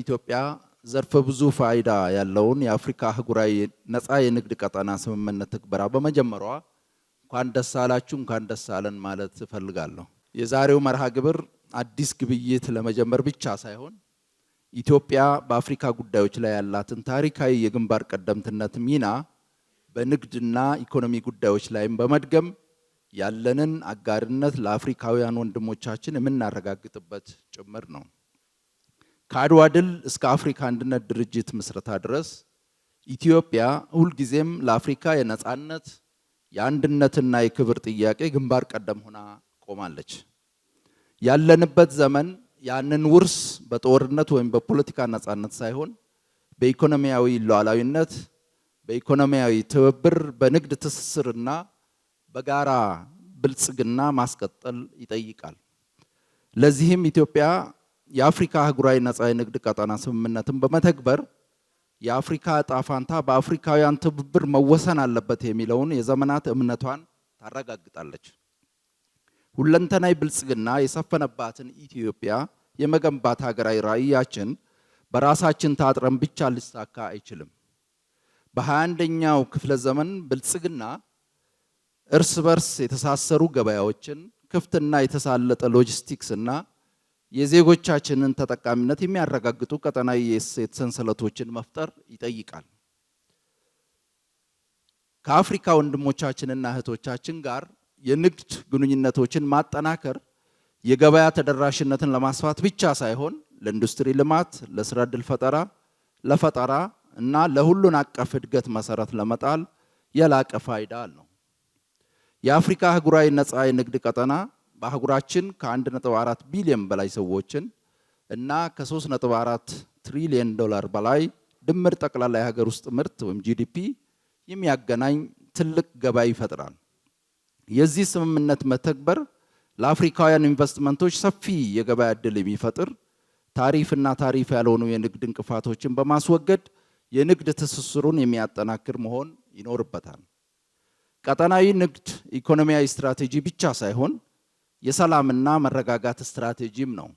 ኢትዮጵያ ዘርፈ ብዙ ፋይዳ ያለውን የአፍሪካ አህጉራዊ ነፃ የንግድ ቀጠና ስምምነት ትግበራ በመጀመሯ እንኳን ደስ አላችሁ እንኳን ደስ አለን ማለት እፈልጋለሁ። የዛሬው መርሃ ግብር አዲስ ግብይት ለመጀመር ብቻ ሳይሆን ኢትዮጵያ በአፍሪካ ጉዳዮች ላይ ያላትን ታሪካዊ የግንባር ቀደምትነት ሚና በንግድና ኢኮኖሚ ጉዳዮች ላይም በመድገም ያለንን አጋርነት ለአፍሪካውያን ወንድሞቻችን የምናረጋግጥበት ጭምር ነው። ከአድዋ ድል እስከ አፍሪካ አንድነት ድርጅት ምስረታ ድረስ ኢትዮጵያ ሁልጊዜም ለአፍሪካ የነፃነት የአንድነትና የክብር ጥያቄ ግንባር ቀደም ሆና ቆማለች። ያለንበት ዘመን ያንን ውርስ በጦርነት ወይም በፖለቲካ ነፃነት ሳይሆን በኢኮኖሚያዊ ሉዓላዊነት፣ በኢኮኖሚያዊ ትብብር፣ በንግድ ትስስርና በጋራ ብልጽግና ማስቀጠል ይጠይቃል። ለዚህም ኢትዮጵያ የአፍሪካ አህጉራዊ ነጻ የንግድ ቀጠና ስምምነትን በመተግበር የአፍሪካ እጣ ፋንታ በአፍሪካውያን ትብብር መወሰን አለበት የሚለውን የዘመናት እምነቷን ታረጋግጣለች። ሁለንተናዊ ብልጽግና የሰፈነባትን ኢትዮጵያ የመገንባት ሀገራዊ ራዕያችን በራሳችን ታጥረን ብቻ ሊሳካ አይችልም። በሃያ አንደኛው ክፍለ ዘመን ብልጽግና እርስ በርስ የተሳሰሩ ገበያዎችን፣ ክፍትና የተሳለጠ ሎጂስቲክስ እና የዜጎቻችንን ተጠቃሚነት የሚያረጋግጡ ቀጠናዊ የእሴት ሰንሰለቶችን መፍጠር ይጠይቃል። ከአፍሪካ ወንድሞቻችንና እህቶቻችን ጋር የንግድ ግንኙነቶችን ማጠናከር የገበያ ተደራሽነትን ለማስፋት ብቻ ሳይሆን ለኢንዱስትሪ ልማት፣ ለስራ ዕድል ፈጠራ፣ ለፈጠራ እና ለሁሉን አቀፍ እድገት መሰረት ለመጣል የላቀ ፋይዳ አለው። የአፍሪካ አህጉራዊ ነፃ የንግድ ቀጠና በአህጉራችን ከ1.4 ቢሊዮን በላይ ሰዎችን እና ከ3.4 ትሪሊየን ዶላር በላይ ድምር ጠቅላላ የሀገር ውስጥ ምርት ወይም ጂዲፒ የሚያገናኝ ትልቅ ገበያ ይፈጥራል። የዚህ ስምምነት መተግበር ለአፍሪካውያን ኢንቨስትመንቶች ሰፊ የገበያ ዕድል የሚፈጥር ታሪፍና ታሪፍ ያልሆኑ የንግድ እንቅፋቶችን በማስወገድ የንግድ ትስስሩን የሚያጠናክር መሆን ይኖርበታል። ቀጠናዊ ንግድ ኢኮኖሚያዊ ስትራቴጂ ብቻ ሳይሆን የሰላምና መረጋጋት ስትራቴጂም ነው።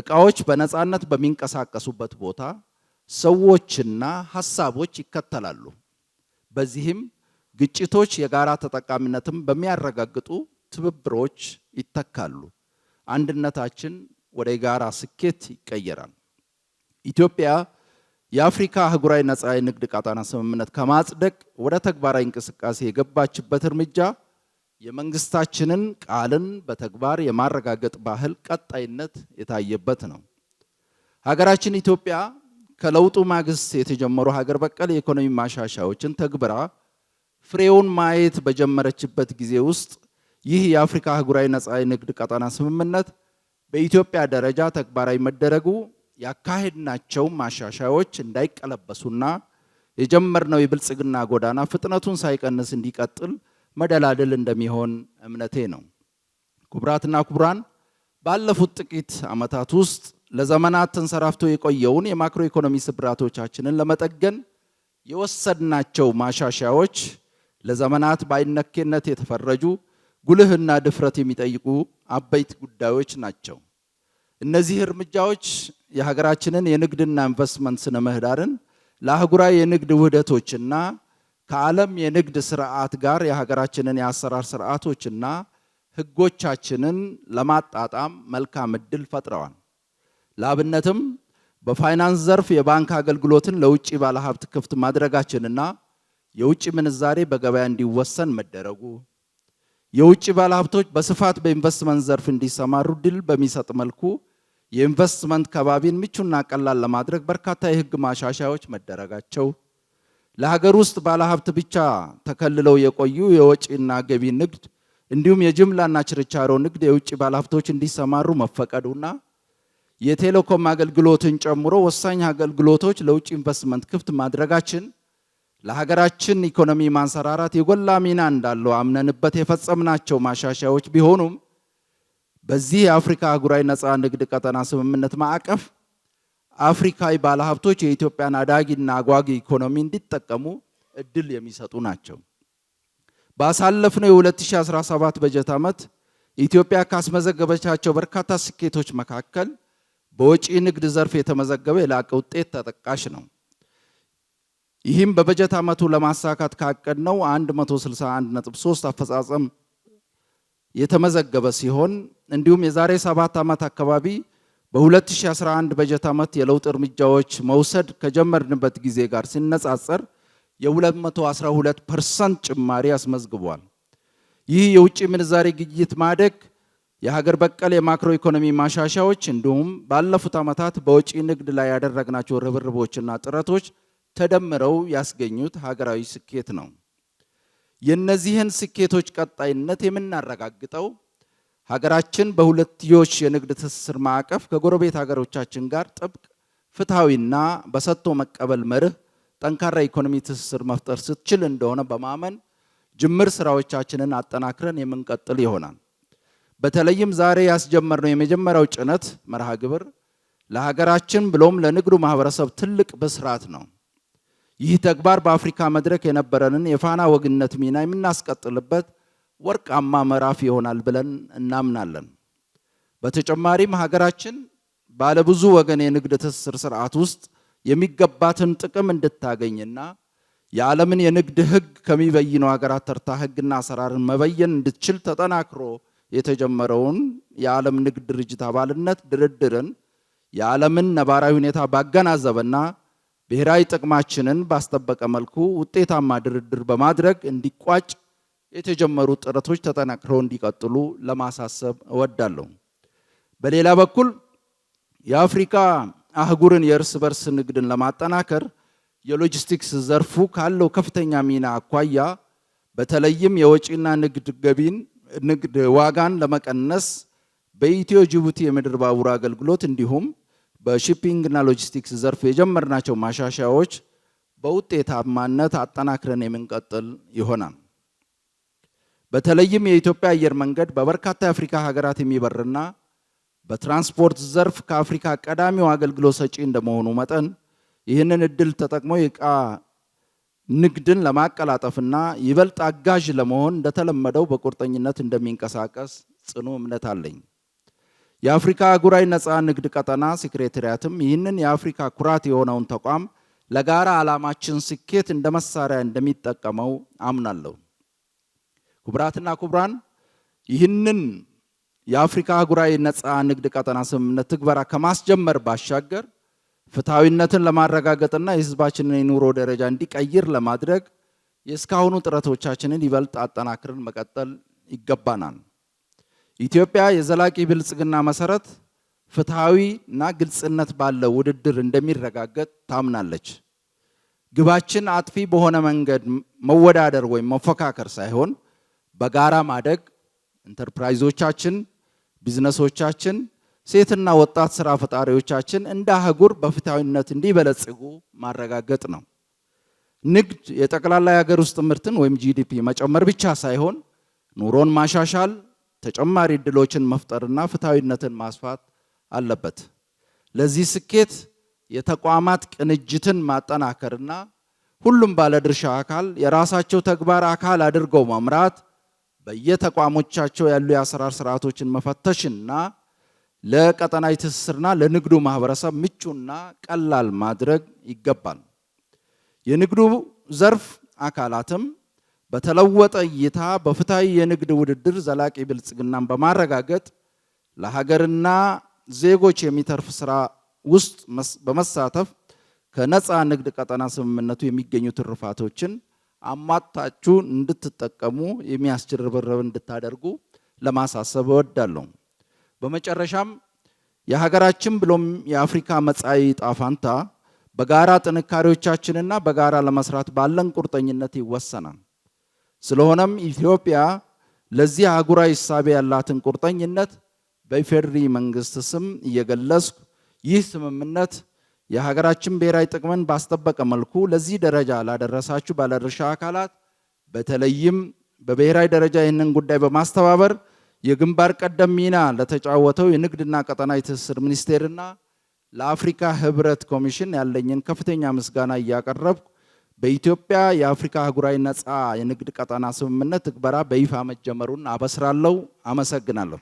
እቃዎች በነፃነት በሚንቀሳቀሱበት ቦታ ሰዎችና ሀሳቦች ይከተላሉ። በዚህም ግጭቶች የጋራ ተጠቃሚነትን በሚያረጋግጡ ትብብሮች ይተካሉ። አንድነታችን ወደ ጋራ ስኬት ይቀየራል። ኢትዮጵያ የአፍሪካ አህጉራዊ ነፃ የንግድ ቀጣና ስምምነት ከማጽደቅ ወደ ተግባራዊ እንቅስቃሴ የገባችበት እርምጃ የመንግስታችንን ቃልን በተግባር የማረጋገጥ ባህል ቀጣይነት የታየበት ነው። ሀገራችን ኢትዮጵያ ከለውጡ ማግስት የተጀመሩ ሀገር በቀል የኢኮኖሚ ማሻሻያዎችን ተግብራ ፍሬውን ማየት በጀመረችበት ጊዜ ውስጥ ይህ የአፍሪካ አህጉራዊ ነፃ የንግድ ቀጠና ስምምነት በኢትዮጵያ ደረጃ ተግባራዊ መደረጉ ያካሄድናቸው ማሻሻያዎች እንዳይቀለበሱና የጀመርነው የብልጽግና ጎዳና ፍጥነቱን ሳይቀንስ እንዲቀጥል መደላድል እንደሚሆን እምነቴ ነው። ክቡራትና ክቡራን ባለፉት ጥቂት ዓመታት ውስጥ ለዘመናት ተንሰራፍቶ የቆየውን የማክሮ ኢኮኖሚ ስብራቶቻችንን ለመጠገን የወሰድናቸው ማሻሻያዎች ለዘመናት በአይነኬነት የተፈረጁ ጉልህና ድፍረት የሚጠይቁ አበይት ጉዳዮች ናቸው። እነዚህ እርምጃዎች የሀገራችንን የንግድና ኢንቨስትመንት ስነ ምህዳርን ለአህጉራዊ የንግድ ውህደቶችና ከዓለም የንግድ ስርዓት ጋር የሀገራችንን የአሰራር ስርዓቶችና ህጎቻችንን ለማጣጣም መልካም እድል ፈጥረዋል። ለአብነትም በፋይናንስ ዘርፍ የባንክ አገልግሎትን ለውጭ ባለሀብት ክፍት ማድረጋችንና የውጭ ምንዛሬ በገበያ እንዲወሰን መደረጉ የውጭ ባለሀብቶች በስፋት በኢንቨስትመንት ዘርፍ እንዲሰማሩ ድል በሚሰጥ መልኩ የኢንቨስትመንት ከባቢን ምቹና ቀላል ለማድረግ በርካታ የህግ ማሻሻያዎች መደረጋቸው ለሀገር ውስጥ ባለሀብት ብቻ ተከልለው የቆዩ የወጪና ገቢ ንግድ እንዲሁም የጅምላና ችርቻሮ ንግድ የውጭ ባለሀብቶች እንዲሰማሩ መፈቀዱና የቴሌኮም አገልግሎትን ጨምሮ ወሳኝ አገልግሎቶች ለውጭ ኢንቨስትመንት ክፍት ማድረጋችን ለሀገራችን ኢኮኖሚ ማንሰራራት የጎላ ሚና እንዳለው አምነንበት የፈጸምናቸው ማሻሻያዎች ቢሆኑም በዚህ የአፍሪካ አህጉራዊ ነፃ ንግድ ቀጠና ስምምነት ማዕቀፍ አፍሪካዊ ባለሀብቶች የኢትዮጵያን አዳጊና አጓጊ ኢኮኖሚ እንዲጠቀሙ እድል የሚሰጡ ናቸው። ባሳለፍነው የ2017 በጀት ዓመት ኢትዮጵያ ካስመዘገበቻቸው በርካታ ስኬቶች መካከል በወጪ ንግድ ዘርፍ የተመዘገበ የላቀ ውጤት ተጠቃሽ ነው። ይህም በበጀት ዓመቱ ለማሳካት ካቀድነው 161.3 አፈጻጸም የተመዘገበ ሲሆን እንዲሁም የዛሬ ሰባት ዓመት አካባቢ በ2011 በጀት ዓመት የለውጥ እርምጃዎች መውሰድ ከጀመርንበት ጊዜ ጋር ሲነጻጸር የ212 ፐርሰንት ጭማሪ አስመዝግቧል። ይህ የውጭ ምንዛሬ ግኝት ማደግ የሀገር በቀል የማክሮ ኢኮኖሚ ማሻሻዎች እንዲሁም ባለፉት ዓመታት በውጪ ንግድ ላይ ያደረግናቸው ርብርቦችና ጥረቶች ተደምረው ያስገኙት ሀገራዊ ስኬት ነው። የእነዚህን ስኬቶች ቀጣይነት የምናረጋግጠው ሀገራችን በሁለትዮሽ የንግድ ትስስር ማዕቀፍ ከጎረቤት ሀገሮቻችን ጋር ጥብቅ ፍትሐዊና በሰጥቶ መቀበል መርህ ጠንካራ ኢኮኖሚ ትስስር መፍጠር ስትችል እንደሆነ በማመን ጅምር ስራዎቻችንን አጠናክረን የምንቀጥል ይሆናል። በተለይም ዛሬ ያስጀመርነው የመጀመሪያው ጭነት መርሃ ግብር ለሀገራችን ብሎም ለንግዱ ማህበረሰብ ትልቅ ብስራት ነው። ይህ ተግባር በአፍሪካ መድረክ የነበረንን የፋና ወግነት ሚና የምናስቀጥልበት ወርቃማ ምዕራፍ ይሆናል ብለን እናምናለን። በተጨማሪም ሀገራችን ባለብዙ ወገን የንግድ ትስስር ስርዓት ውስጥ የሚገባትን ጥቅም እንድታገኝና የዓለምን የንግድ ሕግ ከሚበይኑ ሀገራት ተርታ ሕግና አሰራርን መበየን እንድትችል ተጠናክሮ የተጀመረውን የዓለም ንግድ ድርጅት አባልነት ድርድርን የዓለምን ነባራዊ ሁኔታ ባገናዘበና ብሔራዊ ጥቅማችንን ባስጠበቀ መልኩ ውጤታማ ድርድር በማድረግ እንዲቋጭ የተጀመሩ ጥረቶች ተጠናክረው እንዲቀጥሉ ለማሳሰብ እወዳለሁ። በሌላ በኩል የአፍሪካ አህጉርን የእርስ በርስ ንግድን ለማጠናከር የሎጂስቲክስ ዘርፉ ካለው ከፍተኛ ሚና አኳያ በተለይም የወጪና ንግድ ገቢን ንግድ ዋጋን ለመቀነስ በኢትዮ ጅቡቲ የምድር ባቡር አገልግሎት እንዲሁም በሺፒንግና ሎጂስቲክስ ዘርፍ የጀመርናቸው ማሻሻያዎች በውጤታማነት አጠናክረን የምንቀጥል ይሆናል። በተለይም የኢትዮጵያ አየር መንገድ በበርካታ የአፍሪካ ሀገራት የሚበርና በትራንስፖርት ዘርፍ ከአፍሪካ ቀዳሚው አገልግሎት ሰጪ እንደመሆኑ መጠን ይህንን እድል ተጠቅሞ የእቃ ንግድን ለማቀላጠፍና ይበልጥ አጋዥ ለመሆን እንደተለመደው በቁርጠኝነት እንደሚንቀሳቀስ ጽኑ እምነት አለኝ። የአፍሪካ አህጉራዊ ነፃ ንግድ ቀጠና ሴክሬታሪያትም ይህንን የአፍሪካ ኩራት የሆነውን ተቋም ለጋራ ዓላማችን ስኬት እንደ መሳሪያ እንደሚጠቀመው አምናለሁ። ክቡራትና ክቡራን ይህንን የአፍሪካ አህጉራዊ ነፃ ንግድ ቀጠና ስምምነት ትግበራ ከማስጀመር ባሻገር ፍትሐዊነትን ለማረጋገጥና የህዝባችንን የኑሮ ደረጃ እንዲቀይር ለማድረግ የእስካሁኑ ጥረቶቻችንን ይበልጥ አጠናክርን መቀጠል ይገባናል። ኢትዮጵያ የዘላቂ ብልጽግና መሰረት ፍትሐዊና ግልጽነት ባለው ውድድር እንደሚረጋገጥ ታምናለች። ግባችን አጥፊ በሆነ መንገድ መወዳደር ወይም መፎካከር ሳይሆን በጋራ ማደግ ኢንተርፕራይዞቻችን፣ ቢዝነሶቻችን፣ ሴትና ወጣት ስራ ፈጣሪዎቻችን እንደ አህጉር በፍትሐዊነት እንዲበለጽጉ ማረጋገጥ ነው። ንግድ የጠቅላላ የሀገር ውስጥ ምርትን ወይም ጂዲፒ መጨመር ብቻ ሳይሆን ኑሮን ማሻሻል፣ ተጨማሪ እድሎችን መፍጠርና ፍትሐዊነትን ማስፋት አለበት። ለዚህ ስኬት የተቋማት ቅንጅትን ማጠናከርና ሁሉም ባለድርሻ አካል የራሳቸው ተግባር አካል አድርገው መምራት በየተቋሞቻቸው ያሉ የአሰራር ስርዓቶችን መፈተሽና ለቀጠናዊ ትስስርና ለንግዱ ማህበረሰብ ምቹና ቀላል ማድረግ ይገባል። የንግዱ ዘርፍ አካላትም በተለወጠ እይታ በፍትሐዊ የንግድ ውድድር ዘላቂ ብልጽግናን በማረጋገጥ ለሀገርና ዜጎች የሚተርፍ ስራ ውስጥ በመሳተፍ ከነፃ ንግድ ቀጠና ስምምነቱ የሚገኙ ትሩፋቶችን አማታችሁ እንድትጠቀሙ የሚያስችል ርብርብ እንድታደርጉ ለማሳሰብ እወዳለሁ። በመጨረሻም የሀገራችን ብሎም የአፍሪካ መጻኢ ዕጣ ፈንታ በጋራ ጥንካሬዎቻችንና በጋራ ለመስራት ባለን ቁርጠኝነት ይወሰናል። ስለሆነም ኢትዮጵያ ለዚህ አህጉራዊ እሳቤ ያላትን ቁርጠኝነት በኢፌዴሪ መንግስት ስም እየገለጽኩ ይህ ስምምነት የሀገራችን ብሔራዊ ጥቅምን ባስጠበቀ መልኩ ለዚህ ደረጃ ላደረሳችሁ ባለድርሻ አካላት በተለይም በብሔራዊ ደረጃ ይህንን ጉዳይ በማስተባበር የግንባር ቀደም ሚና ለተጫወተው የንግድና ቀጠናዊ ትስስር ሚኒስቴርና ለአፍሪካ ህብረት ኮሚሽን ያለኝን ከፍተኛ ምስጋና እያቀረብኩ በኢትዮጵያ የአፍሪካ አህጉራዊ ነፃ የንግድ ቀጠና ስምምነት ትግበራ በይፋ መጀመሩን አበስራለሁ። አመሰግናለሁ።